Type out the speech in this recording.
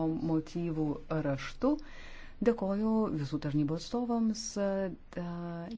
motyvų raštu. Dėkoju visų tarnybų atstovams.